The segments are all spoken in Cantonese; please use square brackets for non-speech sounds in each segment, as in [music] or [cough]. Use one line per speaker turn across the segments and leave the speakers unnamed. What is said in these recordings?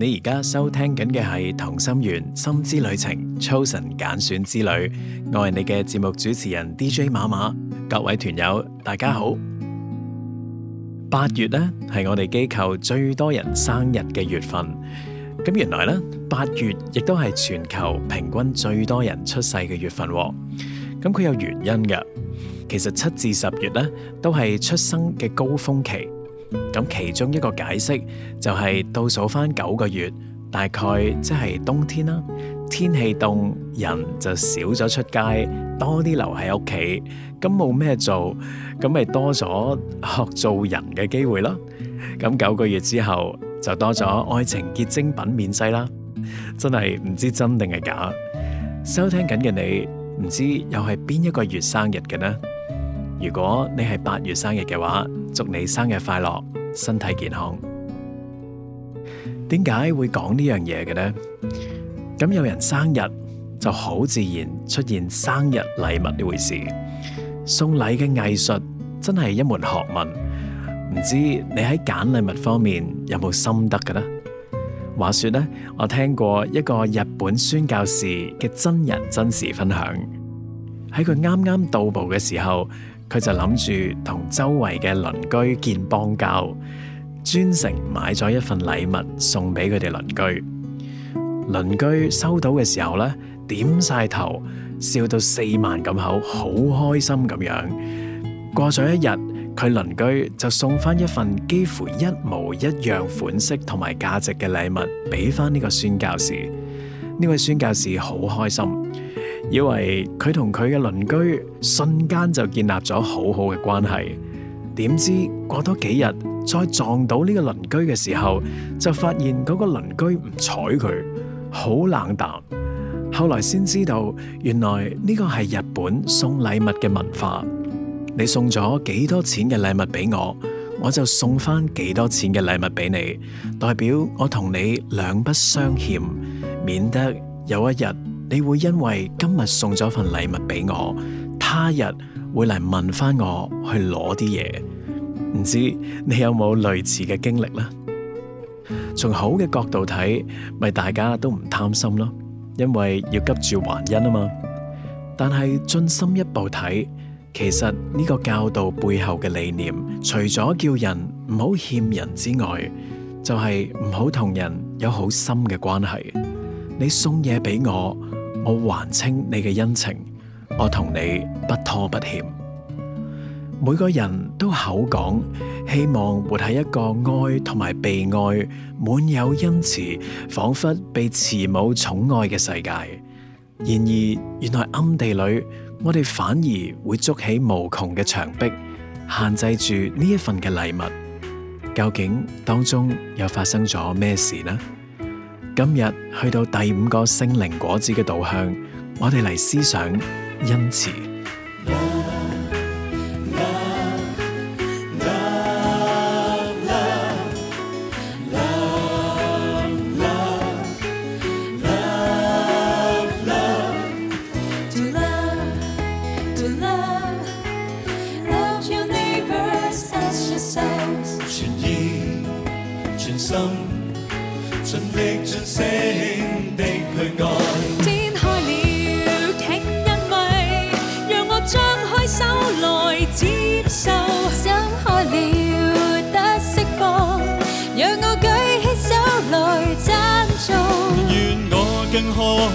你而家收聽緊嘅係《同心圓心之旅程 Chosen 揀選之旅》，我係你嘅節目主持人 DJ 馬馬，各位團友大家好。八月呢，係我哋機構最多人生日嘅月份，咁原來呢，八月亦都係全球平均最多人出世嘅月份，咁佢有原因嘅。其實七至十月呢都係出生嘅高峰期。咁其中一個解釋就係倒數返九個月，大概即係冬天啦，天氣凍，人就少咗出街，多啲留喺屋企，咁冇咩做，咁咪多咗學做人嘅機會咯。咁九個月之後就多咗愛情結晶品面世啦，真係唔知真定係假。收聽緊嘅你，唔知又係邊一個月生日嘅呢？如果你係八月生日嘅話，祝你生日快樂！身體健康，點解會講呢樣嘢嘅呢？咁有人生日就好自然出現生日禮物呢回事，送禮嘅藝術真係一門學問。唔知你喺揀禮物方面有冇心得嘅呢？話說呢，我聽過一個日本宣教士嘅真人真事分享，喺佢啱啱到步嘅時候。佢就諗住同周圍嘅鄰居建邦交，專程買咗一份禮物送俾佢哋鄰居。鄰居收到嘅時候咧，點晒頭，笑到四萬咁口，好開心咁樣。過咗一日，佢鄰居就送翻一份幾乎一模一樣款式同埋價值嘅禮物俾翻呢個宣教士。呢位宣教士好開心。以為佢同佢嘅鄰居瞬間就建立咗好好嘅關係，點知過多幾日再撞到呢個鄰居嘅時候，就發現嗰個鄰居唔睬佢，好冷淡。後來先知道，原來呢個係日本送禮物嘅文化。你送咗幾多錢嘅禮物俾我，我就送返幾多錢嘅禮物俾你，代表我同你兩不相欠，免得有一日。你會因為今日送咗份禮物俾我，他日會嚟問返我去攞啲嘢，唔知你有冇類似嘅經歷呢？從好嘅角度睇，咪大家都唔貪心咯，因為要急住還恩啊嘛。但係進深一步睇，其實呢個教導背後嘅理念，除咗叫人唔好欠人之外，就係唔好同人有好深嘅關係。你送嘢俾我。我還清你嘅恩情，我同你不拖不欠。每個人都口講希望活喺一個愛同埋被愛、滿有恩慈，仿佛被慈母寵愛嘅世界。然而，原來暗地裏我哋反而會築起無窮嘅牆壁，限制住呢一份嘅禮物。究竟當中又發生咗咩事呢？今日去到第五個聖靈果子嘅導向，我哋嚟思想恩慈。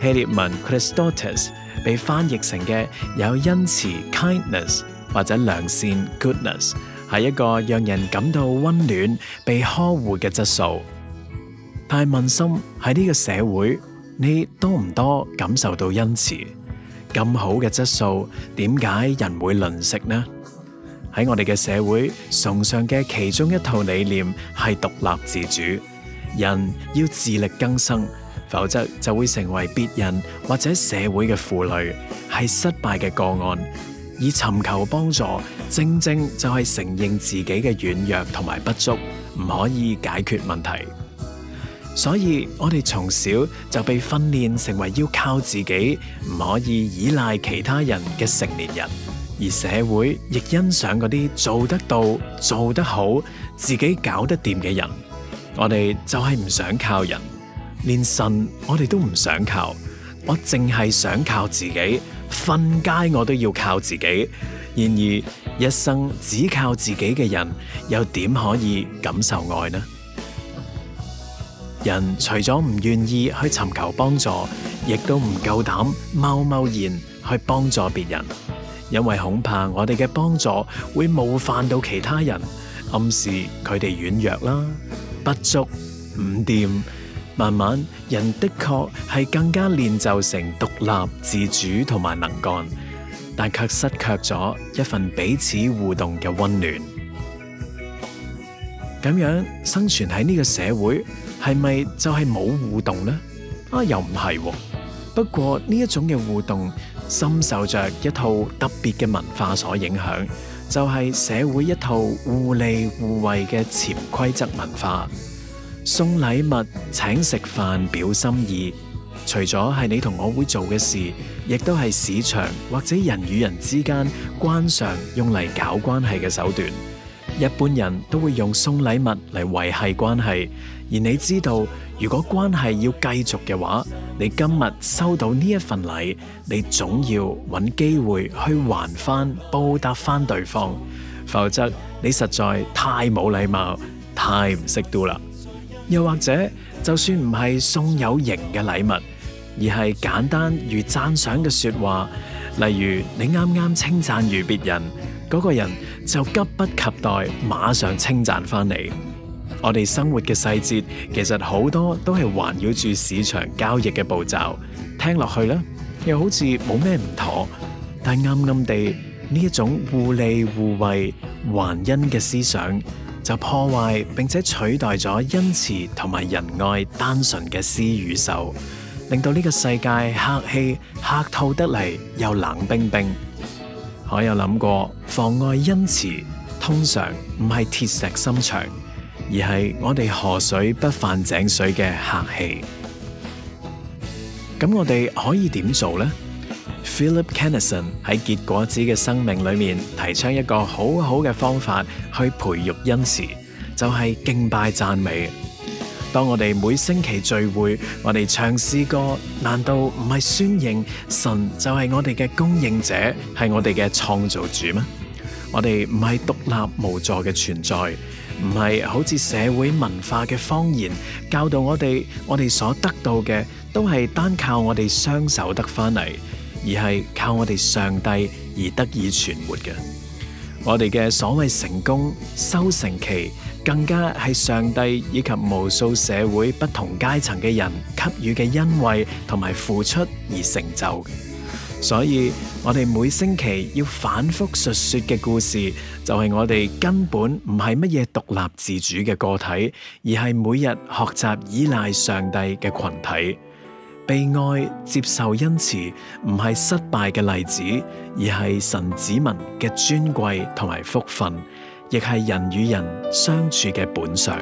希列文 （Chrestotus） 被翻譯成嘅有恩慈 （kindness） 或者良善 （goodness） 係一個讓人感到溫暖、被呵護嘅質素。但係問心喺呢個社會，你多唔多感受到恩慈？咁好嘅質素，點解人會吝嗇呢？喺我哋嘅社會，崇尚嘅其中一套理念係獨立自主，人要自力更生。否則就會成為別人或者社會嘅負累，係失敗嘅個案。以尋求幫助，正正就係承認自己嘅軟弱同埋不足，唔可以解決問題。所以我哋從小就被訓練成為要靠自己，唔可以依賴其他人嘅成年人，而社會亦欣賞嗰啲做得到、做得好、自己搞得掂嘅人。我哋就係唔想靠人。連神我哋都唔想靠，我淨係想靠自己。瞓街我都要靠自己。然而一生只靠自己嘅人，又點可以感受愛呢？人除咗唔願意去尋求幫助，亦都唔夠膽貿貿然去幫助別人，因為恐怕我哋嘅幫助會冒犯到其他人，暗示佢哋軟弱啦、不足、唔掂。慢慢，人的確係更加練就成獨立自主同埋能幹，但卻失卻咗一份彼此互動嘅溫暖。咁樣生存喺呢個社會，係咪就係冇互動呢？啊，又唔係啊。不過呢一種嘅互動，深受着一套特別嘅文化所影響，就係是社會一套互利互惠嘅潛規則文化。送禮物請食飯表心意，除咗係你同我會做嘅事，亦都係市場或者人與人之間關常用嚟搞關係嘅手段。一般人都會用送禮物嚟維繫關係，而你知道如果關係要繼續嘅話，你今日收到呢一份禮，你總要揾機會去還翻報答翻對方，否則你實在太冇禮貌，太唔識做啦。又或者，就算唔係送有形嘅禮物，而係簡單如讚賞嘅說話，例如你啱啱稱讚完別人，嗰個人就急不及待馬上稱讚翻嚟。我哋生活嘅細節，其實好多都係環繞住市場交易嘅步驟，聽落去咧，又好似冇咩唔妥，但暗暗地呢一種互利互惠、還恩嘅思想，就破壞並且取代咗恩慈同埋仁愛單純嘅施與受，令到呢個世界客氣客套得嚟，又冷冰冰。我有諗過，妨礙恩慈通常唔係鐵石心腸，而係我哋河水不犯井水嘅客氣。咁我哋可以點做呢？Philip Kenneson 喺結果子嘅生命裏面提倡一個好好嘅方法去培育恩慈，就係、是、敬拜讚美。當我哋每星期聚會，我哋唱詩歌，難道唔係宣認神就係我哋嘅供應者，係我哋嘅創造主嗎？我哋唔係獨立無助嘅存在，唔係好似社會文化嘅方言教導我哋，我哋所得到嘅都係單靠我哋雙手得翻嚟。而係靠我哋上帝而得以存活嘅，我哋嘅所謂成功、收成期，更加係上帝以及無數社會不同階層嘅人給予嘅恩惠，同埋付出而成就。所以，我哋每星期要反覆述說嘅故事，就係、是、我哋根本唔係乜嘢獨立自主嘅個體，而係每日學習依賴上帝嘅群體。被愛接受恩慈，唔係失敗嘅例子，而係神子民嘅尊貴同埋福分，亦係人與人相處嘅本相。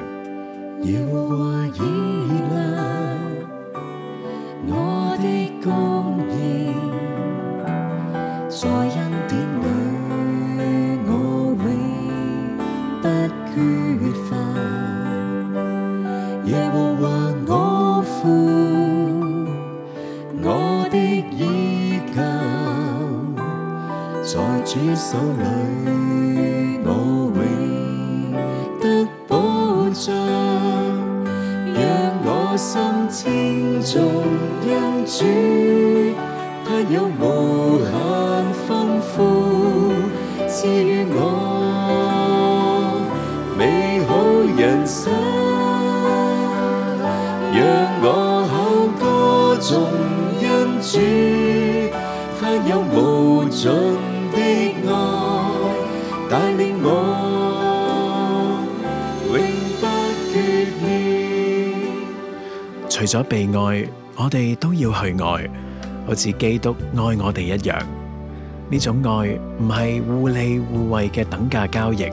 若我心稱頌因主，他有無限豐富。除咗被愛，我哋都要去愛，好似基督愛我哋一樣。呢種愛唔係互利互惠嘅等價交易，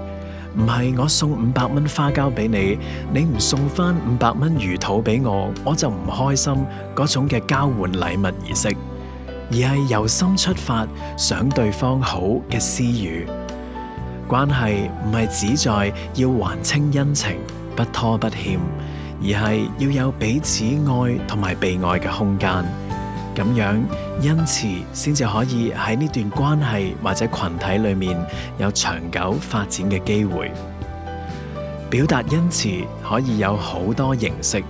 唔係我送五百蚊花膠俾你，你唔送翻五百蚊魚肚俾我，我就唔開心嗰種嘅交換禮物儀式，而係由心出發想對方好嘅私語。關係唔係只在要還清恩情，不拖不欠。而係要有彼此愛同埋被愛嘅空間，咁樣恩慈先至可以喺呢段關係或者群體裏面有長久發展嘅機會。表達恩慈可以有好多形式，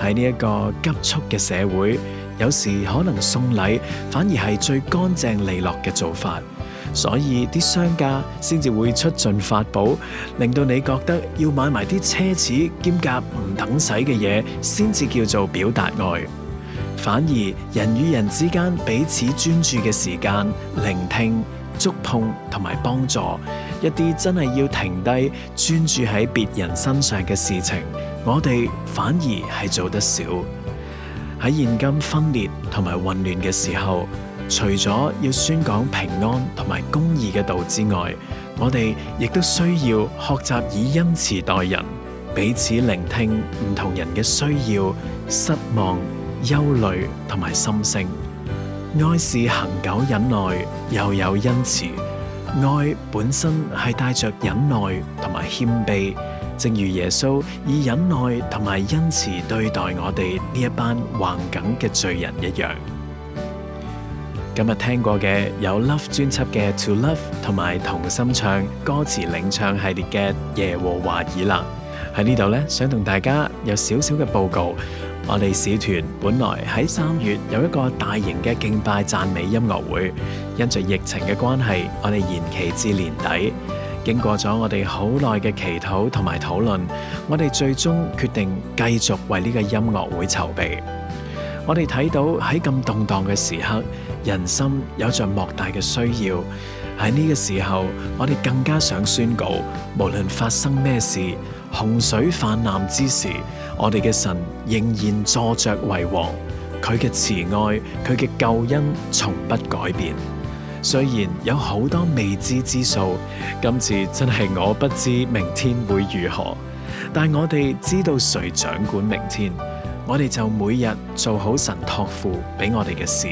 喺呢一個急速嘅社會，有時可能送禮反而係最乾淨利落嘅做法。所以啲商家先至會出盡法寶，令到你覺得要買埋啲奢侈兼夾唔等使嘅嘢，先至叫做表達愛。反而人與人之間彼此專注嘅時間、聆聽、觸碰同埋幫助，一啲真係要停低專注喺別人身上嘅事情，我哋反而係做得少。喺現今分裂同埋混亂嘅時候，除咗要宣講平安同埋公義嘅道之外，我哋亦都需要學習以恩慈待人，彼此聆聽唔同人嘅需要、失望、憂慮同埋心聲。愛是恒久忍耐，又有恩慈。愛本身係帶着忍耐同埋謙卑，正如耶穌以忍耐同埋恩慈對待我哋呢一班頑梗嘅罪人一樣。今日聽過嘅有 Love 專輯嘅 To Love，同埋同心唱歌詞領唱系列嘅耶和華以勒。喺呢度呢，想同大家有少少嘅報告。我哋使團本來喺三月有一個大型嘅敬拜讚美音樂會，因着疫情嘅關係，我哋延期至年底。經過咗我哋好耐嘅祈禱同埋討論，我哋最終決定繼續為呢個音樂會籌備。我哋睇到喺咁動蕩嘅時刻，人心有着莫大嘅需要。喺呢個時候，我哋更加想宣告：無論發生咩事，洪水泛濫之時，我哋嘅神仍然坐着為王。佢嘅慈愛，佢嘅救恩從不改變。雖然有好多未知之數，今次真係我不知明天會如何，但我哋知道誰掌管明天。我哋就每日做好神託付俾我哋嘅事。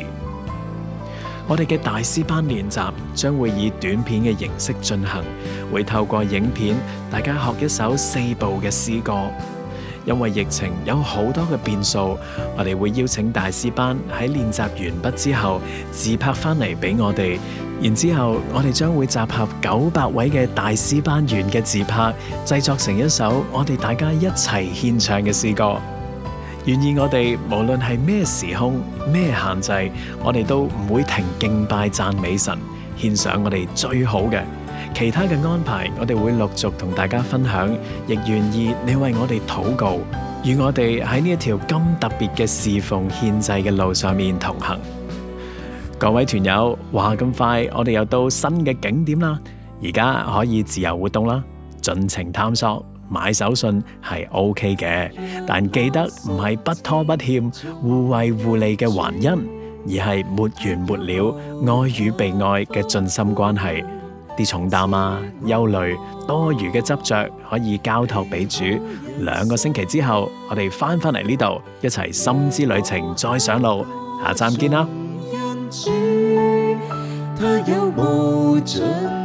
我哋嘅大師班練習將會以短片嘅形式進行，會透過影片大家學一首四部嘅詩歌。因為疫情有好多嘅變數，我哋會邀請大師班喺練習完畢之後自拍翻嚟俾我哋。然之後我哋將會集合九百位嘅大師班員嘅自拍製作成一首我哋大家一齊獻唱嘅詩歌。願意我哋無論係咩時空、咩限制，我哋都唔會停敬拜、讚美神，獻上我哋最好嘅。其他嘅安排，我哋會陸續同大家分享。亦願意你為我哋禱告，與我哋喺呢一條咁特別嘅侍奉獻祭嘅路上面同行。各位團友，話咁快，我哋又到新嘅景點啦，而家可以自由活動啦，盡情探索。買手信係 OK 嘅，但記得唔係不拖不欠互惠互利嘅還恩，而係沒完沒了愛與被愛嘅盡心關係。啲重擔啊，憂慮、多餘嘅執着可以交託俾主。兩個星期之後，我哋翻返嚟呢度一齊心之旅程再上路，下站見啦。 [music]